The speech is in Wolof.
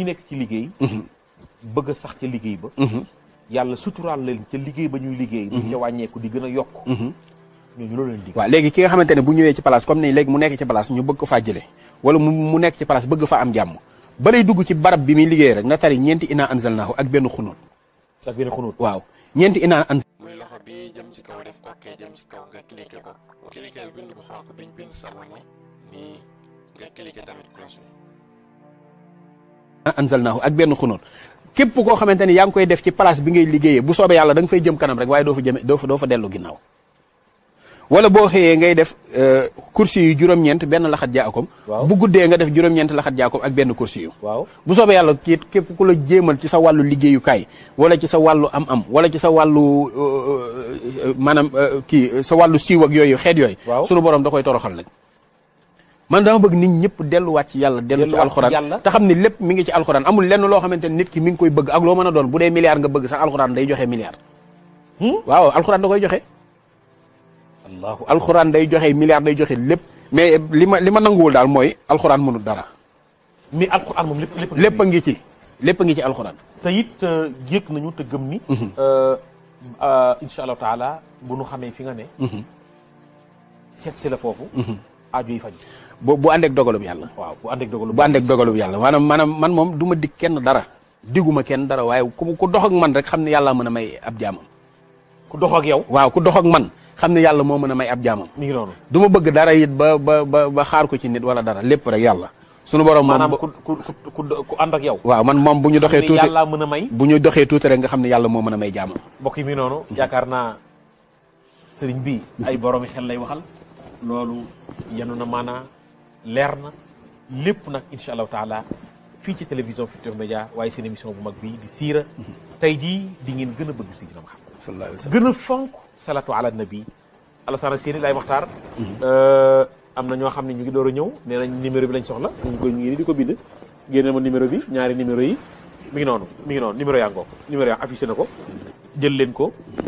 ñi nekk ci liggéey mhm. bëgg a sax ca liggéey ba mhm. yàlla suturaal leen ca liggéey ba ñuy liggéey buñ mhm. ca wàññeeku di gën a yokk ñooñu loolu leen liggéey léegi ki nga xamante ne bu ñëwee ci place comme ni léegi mu nekk ci place ñu bëgg ko faa jëlee wala mu mu nekk ci place bëgg fa am jàmm ba dugg ci barab bi muy liggéey rek na tari ñeenti inaa anzalnaahu ak benn xunóot ak benn xunóot waaw ñeenti inaa an muy loxo bi jëm ci kaw def ok jëm ci kaw anzalnaahu ak benn xunóot képp koo xamante ni yaa ngi koy def ci place bi ngay liggéeyee bu soobee yàlla da nga fay jëm kanam rek waaye doo fa jëme doo fa dellu ginnaaw wala boo xëyee ngay def kursi euh, yu juróom-ñeent benn laxat jaakom bu guddee nga def juróom-ñeent laxat jaakom ak benn kursi yu waaw bu soobee yàlla kii képp ku la jéemal ci sa wàllu liggéeyukaay wala ci sa wàllu am-am wala ci sa wàllu euh, euh, maanaam kii sa wàllu siiw ak yooyu xeet yooyu sunu borom da koy toroxal nag man dama bëgg nit ñëpp déllu wacc yalla déllu alcorane ta xamni lepp mi ngi ci alcorane amul lenn lo xamanteni nit ki mi ngi koy bëgg ak lo mëna doon bu dé milliard nga bëgg sax alcorane day joxé milliard hmm? waaw alcorane da koy joxé allahu alcorane day joxé milliard day joxé lepp mais lima lima nangul dal moy alcorane mënu dara mi alcorane mom lepp lepp a ngi ci lepp ngi ci alcorane te it euh, yëg nañu te gëm ni mhm. euh, euh inshallah taala bu nu xamé fi nga hmm seet si la hmm aju yi faj bu bu àndeeg dogalub yàlla waaw bu àndeeg dogalub bu àndeeg dogalub yàlla maanaam man moom duma ma kenn dara diguma kenn dara waaye ku ku dox ak man rek xam ne yàlla mën a may ab jaamam ku dox ak yow waaw ku dox ak man xam ne yàlla moo mën a may ab jaamam mi ngi noonu du ma bëgg dara it ba ba ba ba xaar ko ci nit wala dara lépp rek yàlla sunu borom moom maanaam ku ku ku ku ànd ak yow. waaw man moom bu ñu doxee tuuti yàlla mën a may. bu ñu doxee tuuti rek nga xam ne yàlla moo mën a may jaamam. mbokk yi mi noonu. yaakaar naa sëriñ bi ay boromi lay waxal. loolu yenu na maanaa leer na lépp nag incha allahu taala fii ci télévision Futurs Médias waaye seen émission bu mag bi di siira tey jii di ngeen gën a bëgg si dina xam gën a fonk salatu ala nabi alassana séeni lay maxtaar mhm. euh, am na ñoo xam ne ñu ngi door a ñëw nee nañ numéro bi lañ soxla ñu ngi ñu ngi di ko bind génne ma numéro bi ñaari numéro yi mi ngi noonu mi ngi noonu numéro yaa ngoog numéro yaa affiché na ko jël leen ko